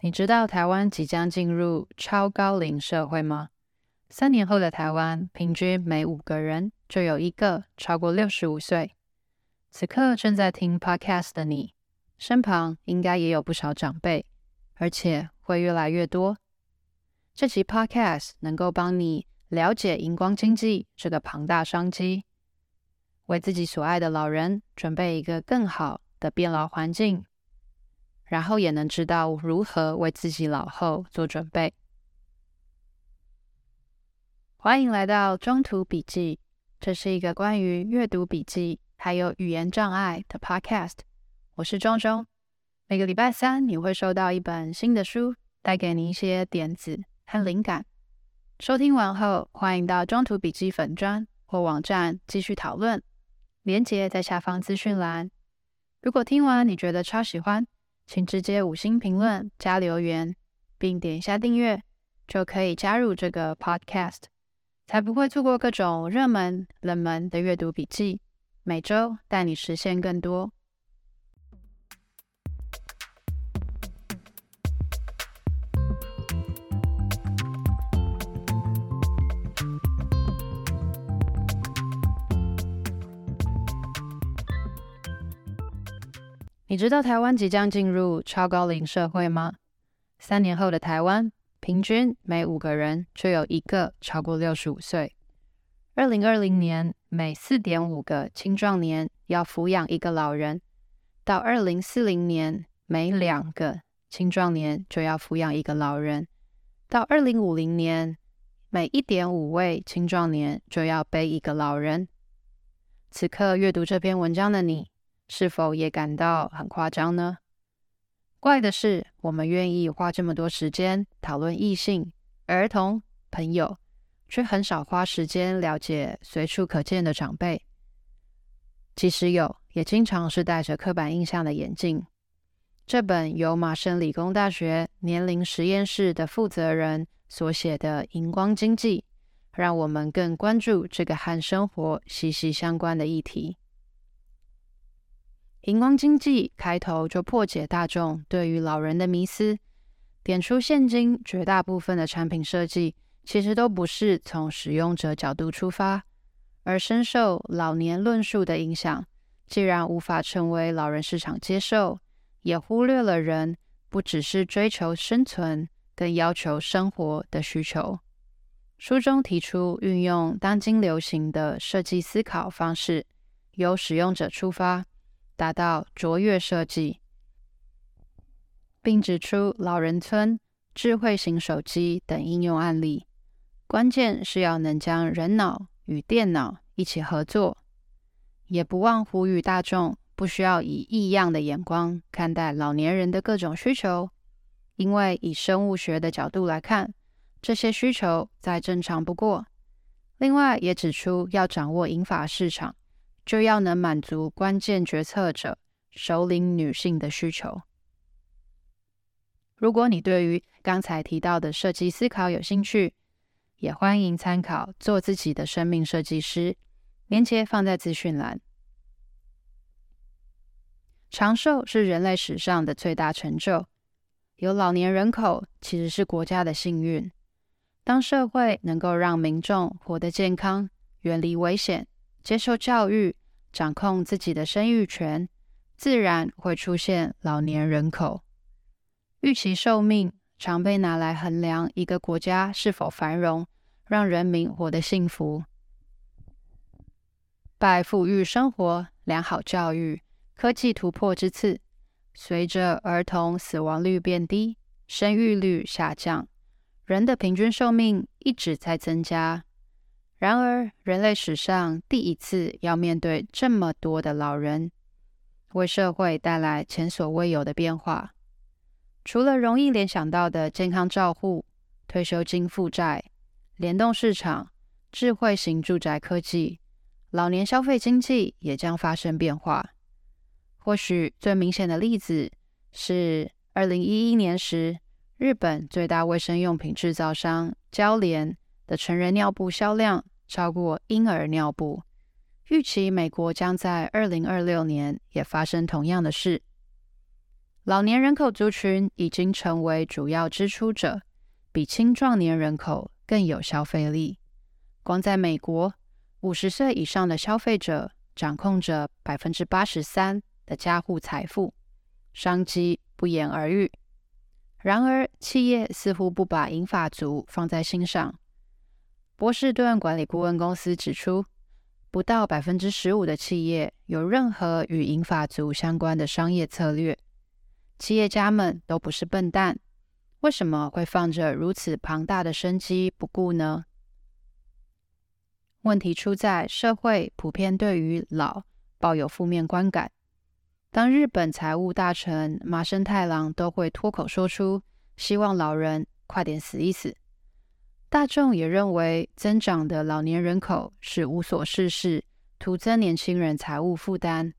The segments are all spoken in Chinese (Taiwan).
你知道台灣即將進入超高齡社會嗎？三年後的台灣，平均每五個人就有一個超過六十五歲。此刻正在聽 Podcast 的你，身旁應該也有不少長輩，而且會越來越多。這期 Podcast 能夠幫你了解銀光經濟這個龐大商機，為自己所愛的老人準備一個更好的變老環境。然後也能知道如何為自己老後做準備。歡迎來到中途筆記，這是一個關於閱讀筆記還有語言障礙的 podcast。我是莊莊，每個禮拜三你會收到一本新的書，帶給你一些點子和靈感。收聽完後，歡迎到中途筆記粉專或網站繼續討論，連接在下方資訊欄。如果聽完你覺得超喜歡。請直接五星評論加留言，並點一下訂閱，就可以加入這個 Podcast，才不會錯過各種熱門冷門的閱讀筆記，每周帶你實現更多。你知道台灣即將進入超高齡社會嗎？三年後的台灣，平均每五個人就有一個超過六十五歲。二零二零年，每四點五個青壯年要撫養一個老人；到二零四零年，每兩個青壯年就要撫養一個老人；到二零五零年，每一點五位青壯年就要背一個老人。此刻閱讀這篇文章的你，是否也感到很誇張呢？怪的是，我們願意花這麼多時間討論異性、兒童、朋友，卻很少花時間了解隨處可見的長輩。即使有，也經常是戴着刻板印象的眼鏡。這本由麻省理工大學年齡實驗室的負責人所寫的《銀光經濟》，讓我們更關注這個和生活息息相關的議題。《銀光經濟》開頭就破解大眾對於老人的迷思，點出現今絕大部分的產品設計其實都不是從使用者角度出發，而深受老年論述的影響。既然無法成為老人市場接受，也忽略了人不只是追求生存，更要求生活的需求。書中提出運用當今流行的設計思考方式，由使用者出發。達到卓越設計，並指出老人村、智慧型手機等應用案例。關鍵是要能將人腦與電腦一起合作，也不忘呼籲大眾不需要以異樣的眼光看待老年人的各種需求，因為以生物學的角度來看，這些需求再正常不過。另外也指出要掌握銀髮市場。就要能滿足關鍵決策者、熟齡女性的需求。如果你對於剛才提到的設計思考有興趣，也歡迎參考做自己的生命設計師，連結放在資訊欄。長壽是人類史上的最大成就，有老年人口其實是國家的幸運。當社會能夠讓民眾活得健康，遠離危險。接受教育，掌控自己的生育權，自然會出現老年人口。預期壽命常被拿來衡量一個國家是否繁榮，讓人民活得幸福。拜富裕生活、良好教育、科技突破之賜，隨着兒童死亡率變低，生育率下降，人的平均壽命一直在增加。然而，人類史上第一次要面對這麼多的老人，為社會帶來前所未有的變化。除了容易聯想到的健康照護、退休金負債、聯動市場、智慧型住宅科技，老年消費經濟也將發生變化。或許最明顯的例子是，二零一一年時，日本最大衛生用品製造商嬌聯。的成人尿布銷量超過嬰兒尿布，預期美國將在二零二六年也發生同樣的事。老年人口族群已經成為主要支出者，比青壯年人口更有消費力。光在美國，五十歲以上的消費者掌控着百分之八十三的家戶財富，商機不言而喻。然而，企業似乎不把銀髮族放在心上。波士頓管理顧問公司指出，不到百分之十五的企業有任何與銀髮族相關的商業策略。企業家們都不是笨蛋，為什麼會放着如此龐大的生機不顧呢？問題出在社會普遍對於老抱有負面觀感。當日本財務大臣麻生太郎都會脫口說出“希望老人快點死一死”。大眾也認為，增長的老年人口是無所事事，徒增年輕人財務負擔，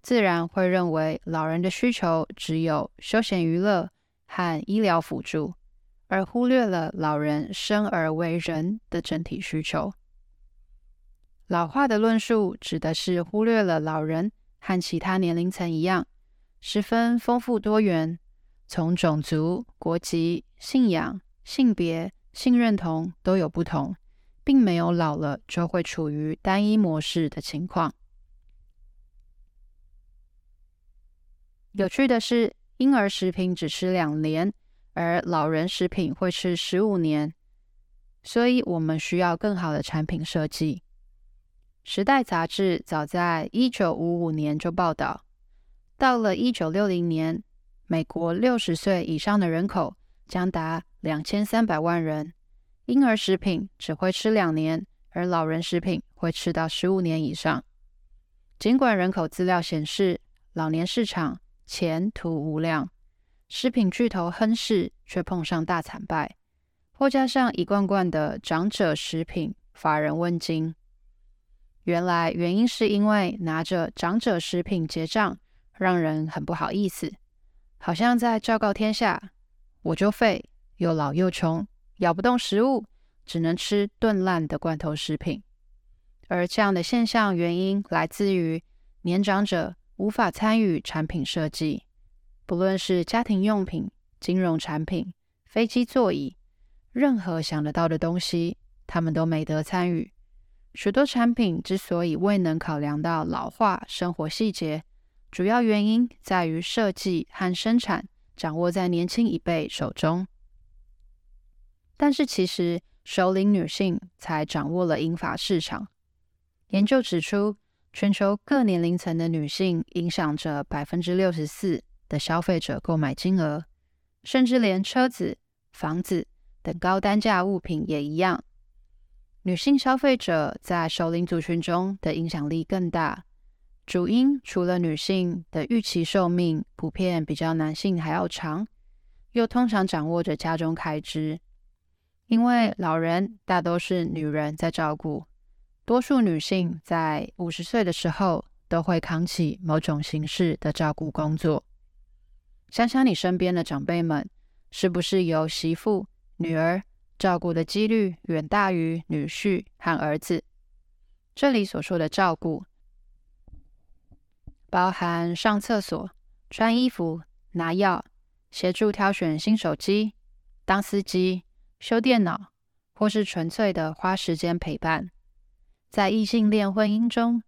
自然會認為老人的需求只有休閒娛樂和醫療輔助，而忽略了老人生而為人的整體需求。老化的論述指的是忽略了老人和其他年齡層一樣，十分豐富多元，從種族、國籍、信仰、性別。性認同都有不同，並沒有老了就會處於單一模式的情況。有趣的是，嬰兒食品只吃兩年，而老人食品會吃十五年，所以我們需要更好的產品設計。《時代》雜誌早在一九五五年就報道，到了一九六零年，美國六十歲以上的人口將達。兩千三百萬人，嬰兒食品只會吃兩年，而老人食品會吃到十五年以上。儘管人口資料顯示老年市場前途無量，食品巨頭亨氏卻碰上大慘敗，貨架上一罐罐的長者食品乏人問津。原來原因是因為拿着長者食品結賬，讓人很不好意思，好像在昭告天下：“我就廢。”又老又窮，咬不動食物，只能吃燉爛的罐頭食品。而這樣的現象原因來自於年長者無法參與產品設計，不論是家庭用品、金融產品、飛機座椅，任何想得到的東西，他們都沒得參與。許多產品之所以未能考量到老化生活細節，主要原因在於設計和生產掌握在年輕一輩手中。但是，其實熟齡女性才掌握了銀髮市場。研究指出，全球各年齡層的女性影響着百分之六十四的消費者購買金額，甚至連車子、房子等高單價物品也一樣。女性消費者在熟齡族群中的影響力更大。主因除了女性的預期壽命普遍比較男性還要長，又通常掌握着家中開支。因為老人大都是女人在照顧，多數女性在五十歲的時候都會扛起某種形式的照顧工作。想想你身邊的長輩們，是不是由媳婦、女兒照顧的幾率遠大於女婿和兒子？這裡所說的照顧，包含上廁所、穿衣服、拿藥、協助挑選新手機、當司機。修電腦，或是純粹的花時間陪伴，在異性戀婚姻中，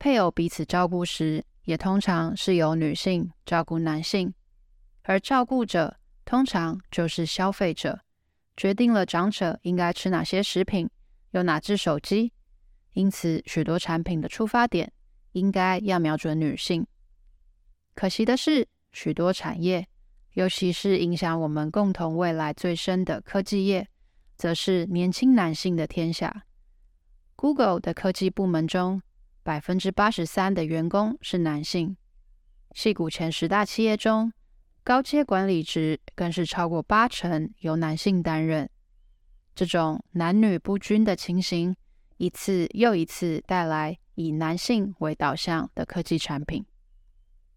配偶彼此照顧時，也通常是由女性照顧男性，而照顧者通常就是消費者，決定了長者應該吃哪些食品，用哪隻手機。因此，許多產品的出發點應該要瞄準女性。可惜的是，許多產業，尤其是影響我們共同未來最深的科技業，則是年輕男性的天下。Google 的科技部門中，百分之八十三的員工是男性。矽谷前十大企業中，高階管理職更是超過八成由男性擔任。這種男女不均的情形，一次又一次帶來以男性為導向的科技產品。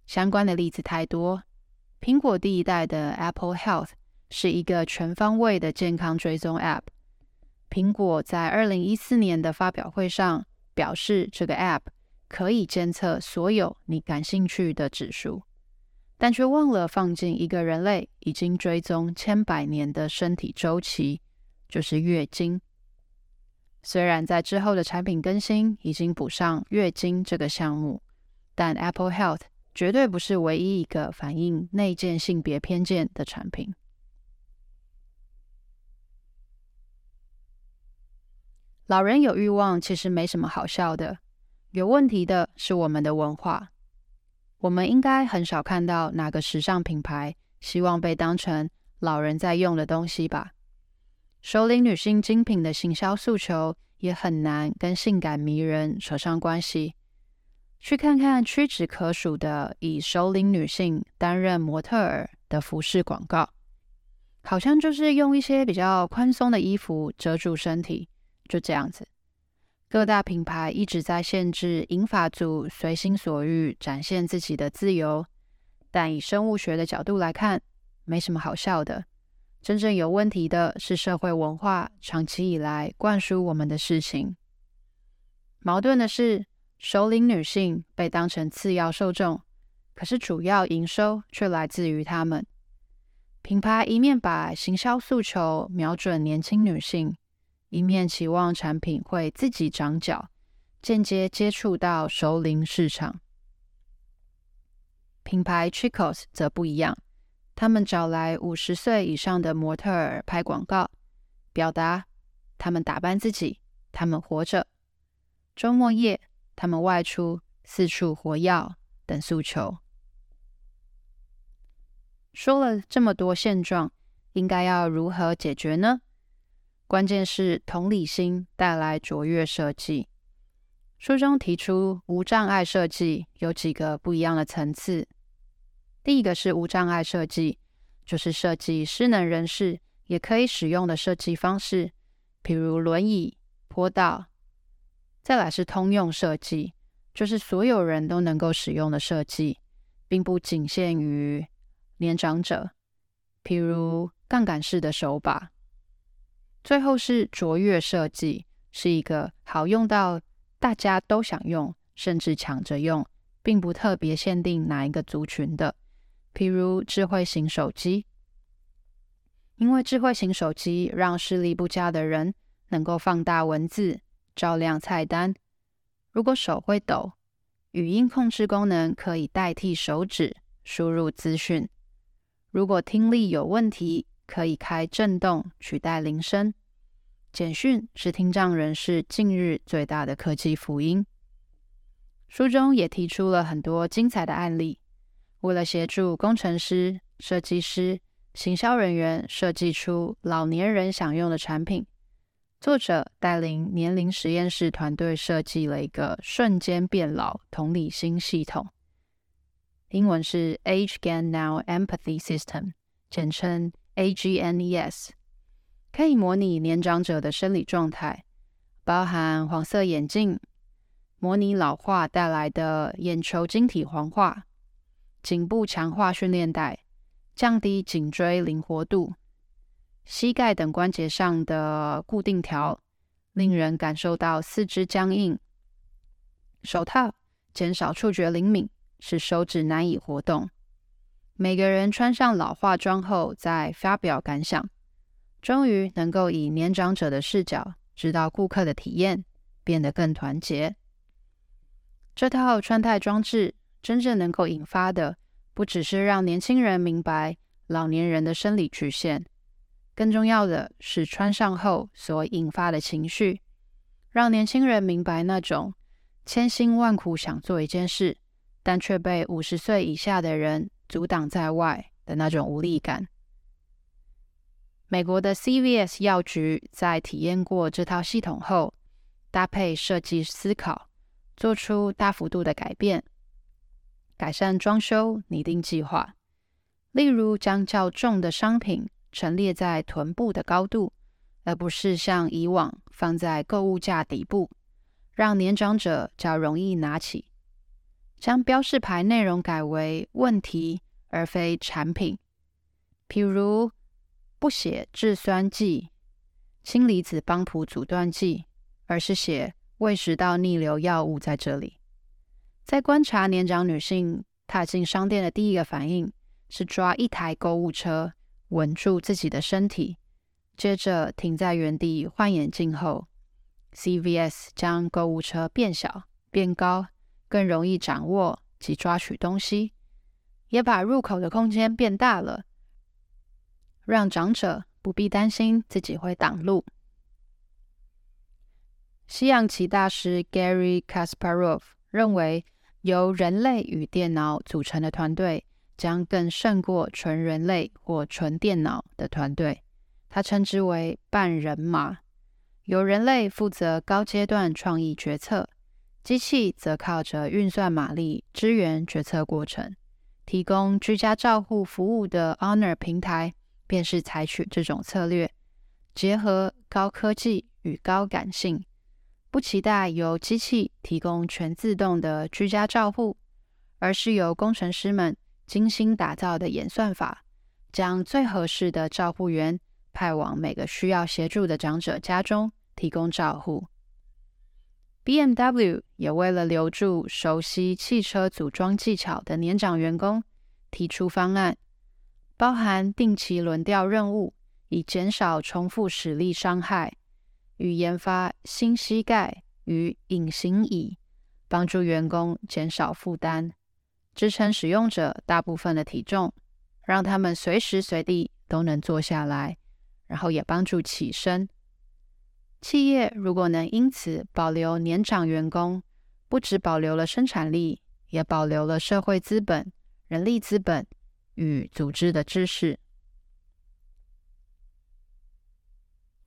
相關的例子太多。蘋果第一代的 Apple Health 是一個全方位的健康追蹤 App。蘋果在2014年的發表會上表示，這個 App 可以監測所有你感興趣的指數，但卻忘了放進一個人類已經追蹤千百年的身體週期，就是月經。雖然在之後的產品更新已經補上月經這個項目，但 Apple Health 絕對不是唯一一個反映內建性別偏見的產品。老人有慾望，其實沒什麼好笑的。有問題的是我們的文化。我們應該很少看到哪個時尚品牌希望被當成老人在用的東西吧？熟齡女性精品的行銷訴求，也很難跟性感迷人扯上關係。去看看屈指可數的以熟齡女性擔任模特兒的服飾廣告，好像就是用一些比較寬鬆的衣服遮住身體，就這樣子。各大品牌一直在限制銀髮族隨心所欲展現自己的自由，但以生物學的角度來看，沒什麼好笑的。真正有問題的是社會文化長期以來灌輸我們的事情。矛盾的是。熟齡女性被當成次要受眾，可是主要營收卻來自於她們。品牌一面把行銷訴求瞄準年輕女性，一面期望產品會自己長腳，間接接觸到熟齡市場。品牌 Chicos 則不一樣，他們找來五十歲以上的模特兒拍廣告，表達他們打扮自己，他們活着，周末夜，他們外出、四處活躍等訴求。說了這麼多現狀，應該要如何解決呢？關鍵是同理心帶來卓越設計。書中提出無障礙設計有幾個不一樣的層次。第一個是無障礙設計，就是設計失能人士也可以使用的設計方式，比如輪椅、坡道。再來是通用設計，就是所有人都能夠使用的設計，並不僅限於年長者，譬如槓桿式的手把。最後是卓越設計，是一個好用到大家都想用，甚至搶着用，並不特別限定哪一個族群的，譬如智慧型手機。因為智慧型手機讓視力不佳的人能夠放大文字。照亮菜單。如果手會抖，語音控制功能可以代替手指輸入資訊。如果聽力有問題，可以開震動取代鈴聲。簡訊是聽障人士近日最大的科技福音。書中也提出了很多精彩的案例，為了協助工程師、設計師、行銷人員設計出老年人想用的產品。作者帶領年齡實驗室團隊設計了一個瞬間變老同理心系統，英文是 Age Gain Now Empathy System，簡稱 AGNES，可以模擬年長者的生理狀態，包含黃色眼鏡，模擬老化帶來的眼球晶體黃化，頸部強化訓練帶，降低頸椎靈活度。膝蓋等關節上的固定條，令人感受到四肢僵硬；手套減少觸覺靈敏，使手指難以活動。每個人穿上老化裝後，再發表感想，終於能夠以年長者的視角知道顧客的體驗，變得更團結。這套穿戴裝置真正能夠引發的，不只是讓年輕人明白老年人的生理局限。更重要的是，穿上後所引發的情緒，讓年輕人明白那種千辛萬苦想做一件事，但卻被五十歲以下的人阻擋在外的那種無力感。美國的 CVS 藥局在體驗過這套系統後，搭配設計思考，做出大幅度的改變，改善裝修、擬定計劃，例如將較重的商品。陳列在臀部的高度，而不是像以往放在購物架底部，讓年長者較容易拿起。將標示牌內容改為問題而非產品，譬如不寫“制酸劑”、“氫離子幫浦阻斷劑”，而是寫“胃食道逆流藥物”在這裡。在觀察年長女性踏進商店的第一個反應，是抓一台購物車。穩住自己的身體，接着停在原地換眼鏡後，CVS 將購物車變小、變高，更容易掌握及抓取東西，也把入口的空間變大了，讓長者不必擔心自己會擋路。西洋棋大師 Gary Kasparov 認為，由人類與電腦組成的團隊，將更勝過純人類或純電腦的團隊，他稱之為“半人馬”，由人類負責高階段創意決策，機器則靠着運算馬力支援決策過程。提供居家照護服務的 Honor 平台便是採取這種策略，結合高科技與高感性，不期待由機器提供全自動的居家照護，而是由工程師們。精心打造的演算法，將最合適的照護員派往每個需要協助的長者家中提供照護。BMW 也為了留住熟悉汽車組裝技巧的年長員工，提出方案，包含定期輪調任務，以減少重複使力傷害，與研發新膝蓋與隱形椅，幫助員工減少負擔。支撐使用者大部分的體重，讓他們隨時隨地都能坐下來，然後也幫助起身。企業如果能因此保留年長員工，不只保留了生產力，也保留了社會資本、人力資本與組織的知識。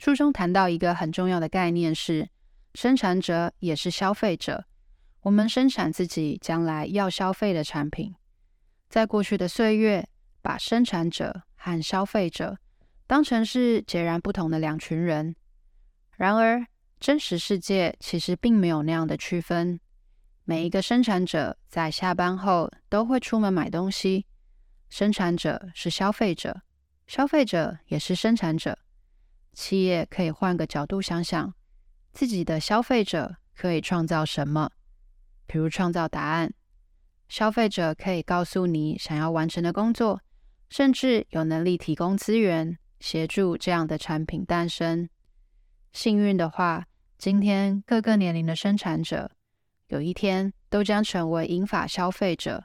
書中談到一個很重要的概念是，生產者也是消費者。我們生產自己將來要消費的產品，在過去的歲月，把生產者和消費者當成是截然不同的兩群人。然而，真實世界其實並沒有那樣的區分。每一個生產者在下班後都會出門買東西，生產者是消費者，消費者也是生產者。企業可以換個角度想想，自己的消費者可以創造什麼。比如創造答案，消費者可以告訴你想要完成的工作，甚至有能力提供資源，協助這樣的產品誕生。幸運的話，今天各個年齡的生產者，有一天都將成為銀髮消費者，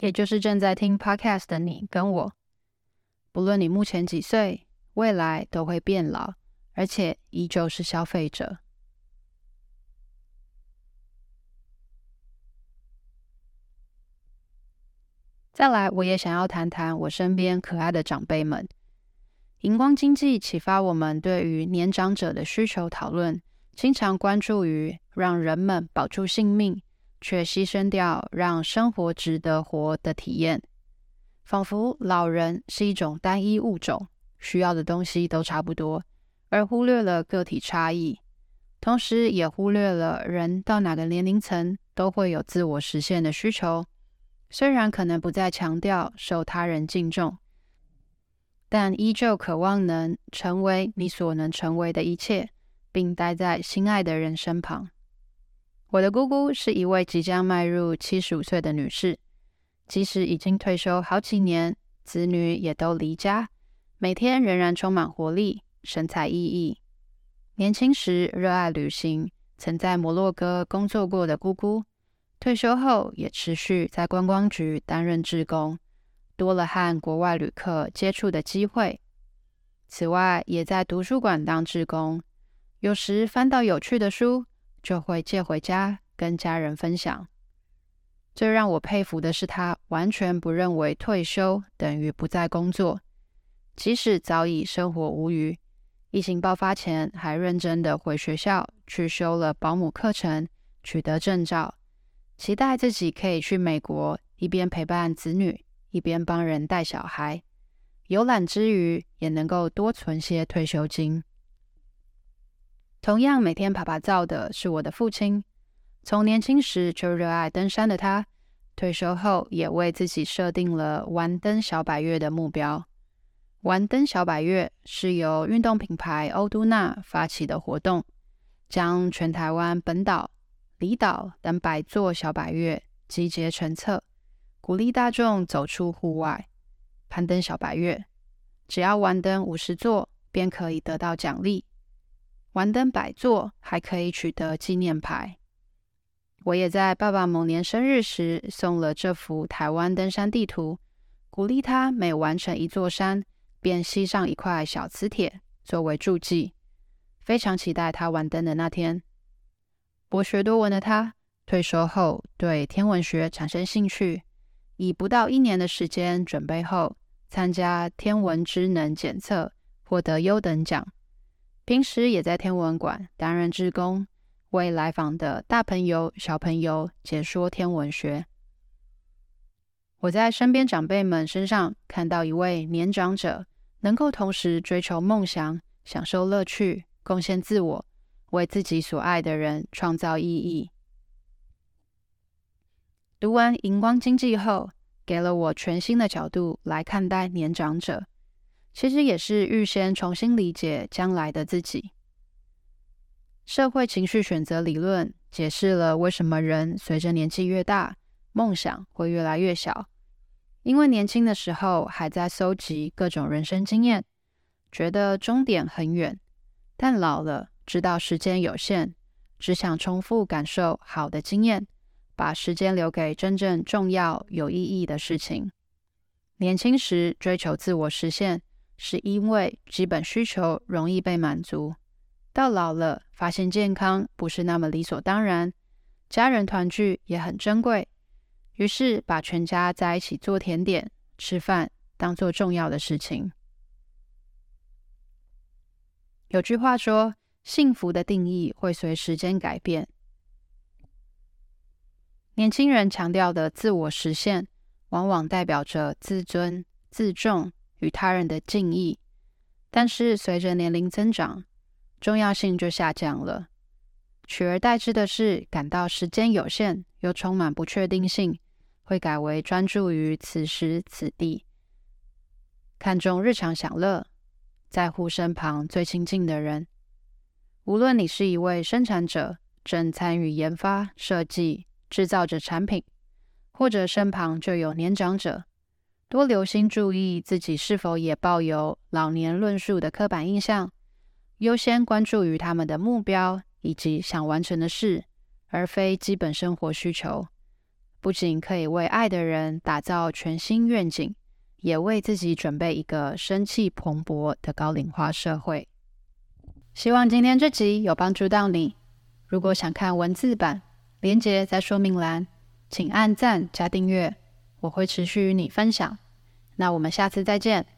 也就是正在聽 Podcast 的你跟我。不論你目前幾歲，未來都會變老，而且依舊是消費者。再來，我也想要談談我身邊可愛的長輩們。銀光經濟啟發我們對於年長者的需求討論，經常關注於讓人們保住性命，卻犧牲掉讓生活值得活的體驗。仿佛老人是一種單一物種，需要的東西都差不多，而忽略了個體差異，同時也忽略了人到哪個年齡層都會有自我實現的需求。雖然可能不再強調受他人敬重，但依舊渴望能成為你所能成為的一切，並待在心愛的人身旁。我的姑姑是一位即將邁入七十五歲的女士，即使已經退休好幾年，子女也都離家，每天仍然充滿活力，神采奕奕。年輕時熱愛旅行，曾在摩洛哥工作過的姑姑。退休後也持續在觀光局擔任志工，多了和國外旅客接觸的機會。此外，也在圖書館當志工，有時翻到有趣的書，就會借回家跟家人分享。最讓我佩服的是，他完全不認為退休等於不再工作，即使早已生活無虞，疫情爆發前還認真的回學校去修了保姆課程，取得證照。期待自己可以去美國，一邊陪伴子女，一邊幫人帶小孩，遊覽之餘也能夠多存些退休金。同樣每天趴趴走的是我的父親，從年輕時就熱愛登山的他，退休後也為自己設定了完登小百岳的目標。完登小百岳是由運動品牌歐都納發起的活動，將全台灣本島、離島等百座小百岳集結成冊，鼓勵大眾走出戶外，攀登小百岳。只要完登五十座，便可以得到獎勵；完登百座，還可以取得紀念牌。我也在爸爸某年生日時送了這幅台灣登山地圖，鼓勵他每完成一座山，便吸上一塊小磁鐵作為註記。非常期待他完登的那天。博學多聞的他，退休後對天文學產生興趣，以不到一年的時間準備後，參加天文知能檢測，獲得優等獎。平時也在天文館擔任志工，為來訪的大朋友、小朋友解說天文學。我在身邊長輩們身上看到一位年長者，能夠同時追求夢想、享受樂趣、貢獻自我，為自己所愛的人創造意義。讀完《銀光經濟》後，給了我全新的角度來看待年長者，其實也是預先重新理解將來的自己。社會情緒選擇理論解釋了為什麼人隨着年紀越大，夢想會越來越小，因為年輕的時候還在蒐集各種人生經驗，覺得終點很遠，但老了。知道時間有限，只想重複感受好的經驗，把時間留給真正重要、有意義的事情。年輕時追求自我實現，是因為基本需求容易被滿足；到老了，發現健康不是那麼理所當然，家人團聚也很珍貴，於是把全家在一起做甜點、吃飯當做重要的事情。有句話說，幸福的定義會隨時間改變。年輕人強調的自我實現，往往代表着自尊、自重與他人的敬意。但是隨着年齡增長，重要性就下降了。取而代之的是，感到時間有限，又充滿不確定性，會改為專注於此時此地。看重日常享樂，在乎身旁最親近的人。無論你是一位生產者，正參與研發、設計、制造着產品，或者身旁就有年長者，多留心注意自己是否也抱有老年論述的刻板印象，優先關注於他們的目標以及想完成的事，而非基本生活需求。不僅可以為愛的人打造全新願景，也為自己準備一個生氣蓬勃的高齡化社會。希望今天這集有幫助到你。如果想看文字版，連結在說明欄，請按讚加訂閱，我會持續與你分享。那我們下次再見。